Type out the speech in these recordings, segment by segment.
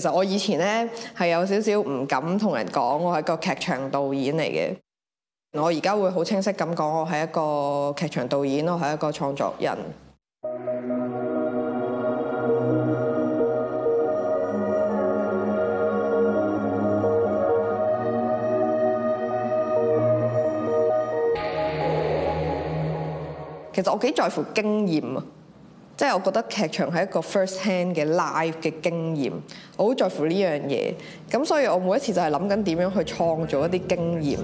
其實我以前咧係有少少唔敢同人講，我係個劇場導演嚟嘅。我而家會好清晰咁講，我係一個劇場導演，我係一,一個創作人。其實我幾在乎經驗啊！即係我覺得劇場係一個 first hand 嘅 live 嘅經驗，我好在乎呢樣嘢。咁所以我每一次就係諗緊點樣去創造一啲經驗。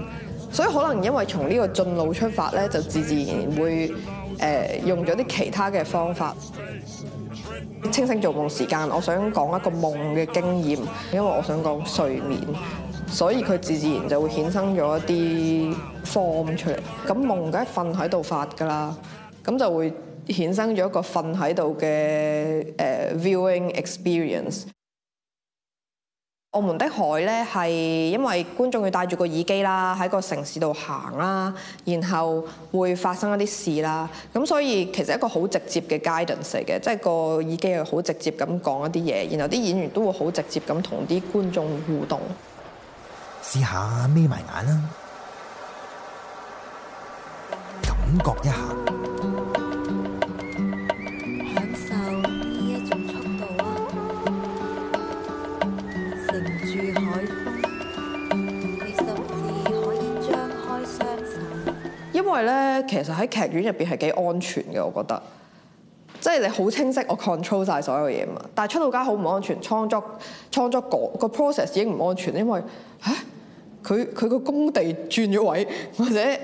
所以可能因為從呢個進路出發咧，就自自然會誒、呃、用咗啲其他嘅方法。清醒做夢時間，我想講一個夢嘅經驗，因為我想講睡眠，所以佢自自然就會衍生咗一啲 form 出嚟。咁夢梗係瞓喺度發㗎啦，咁就會，衍生咗一個瞓喺度嘅誒、呃、viewing experience。澳們的海，澳門的海咧，係因為觀眾要戴住個耳機啦，喺個城市度行啦，然後會發生一啲事啦。咁所以其實一個好直接嘅 guidance 嚟嘅，即係個耳機係好直接咁講一啲嘢，然後啲演員都會好直接咁同啲觀眾互動。試下眯埋眼啦，感覺一下。因為咧，其實喺劇院入邊係幾安全嘅，我覺得，即係你好清晰，我 control 曬所有嘢嘛。但係出到街好唔安全，創作創作個個 process 已經唔安全，因為嚇佢佢個工地轉咗位，或者誒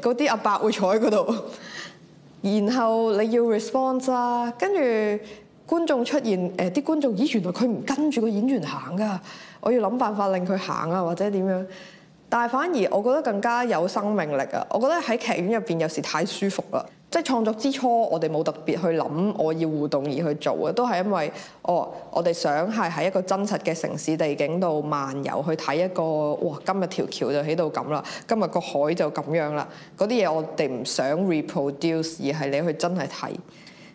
嗰啲阿伯會坐喺嗰度，然後你要 respond 啦，跟住觀眾出現，誒、呃、啲觀眾咦、呃、原來佢唔跟住個演員行噶，我要諗辦法令佢行啊，或者點樣？但係反而我覺得更加有生命力啊！我覺得喺劇院入邊有時太舒服啦，即係創作之初我哋冇特別去諗我要互動而去做嘅，都係因為哦，我哋想係喺一個真實嘅城市地景度漫遊去睇一個哇，今日條橋就喺度咁啦，今日個海就咁樣啦，嗰啲嘢我哋唔想 reproduce，而係你去真係睇。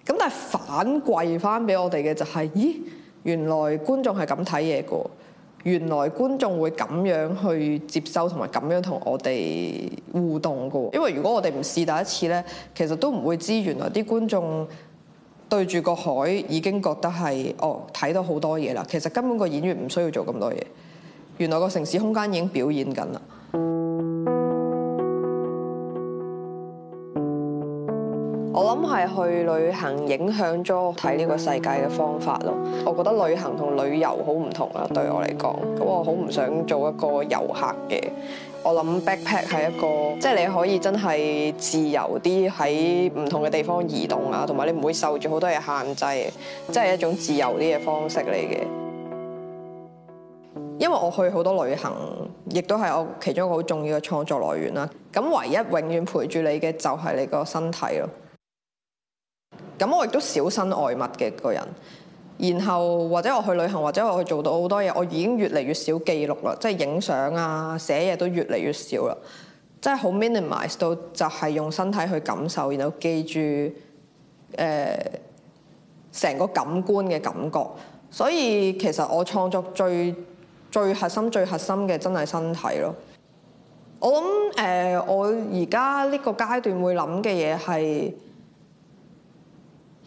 咁但係反饋翻俾我哋嘅就係、是，咦，原來觀眾係咁睇嘢㗎。原來觀眾會咁樣去接收同埋咁樣同我哋互動噶，因為如果我哋唔試第一次呢，其實都唔會知原來啲觀眾對住個海已經覺得係哦睇到好多嘢啦。其實根本個演員唔需要做咁多嘢，原來個城市空間已經表演緊啦。我諗係去旅行影響咗我睇呢個世界嘅方法咯。我覺得旅行同旅遊好唔同啊，對我嚟講，咁我好唔想做一個遊客嘅。我諗 backpack 係一個，即係你可以真係自由啲喺唔同嘅地方移動啊，同埋你唔會受住好多嘢限制，即係一種自由啲嘅方式嚟嘅。因為我去好多旅行，亦都係我其中一個好重要嘅創作來源啦。咁唯一永遠陪住你嘅就係你個身體咯。咁我亦都少身外物嘅個人，然後或者我去旅行，或者我去做到好多嘢，我已經越嚟越少記錄啦，即係影相啊、寫嘢都越嚟越少啦，即係好 minimize 到就係用身體去感受，然後記住誒成、呃、個感官嘅感覺。所以其實我創作最最核心、最核心嘅真係身體咯。我諗誒、呃，我而家呢個階段會諗嘅嘢係。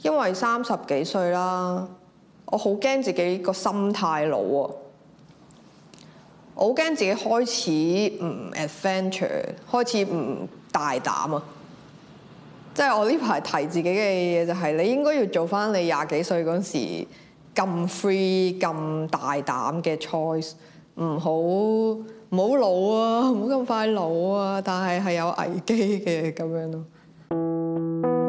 因為三十幾歲啦，我好驚自己個心態老啊！我好驚自己開始唔 adventure，開始唔大膽啊！即係我呢排提自己嘅嘢就係，你應該要做翻你廿幾歲嗰時咁 free、咁大膽嘅 choice，唔好唔好老啊，唔好咁快老啊！但係係有危機嘅咁樣咯。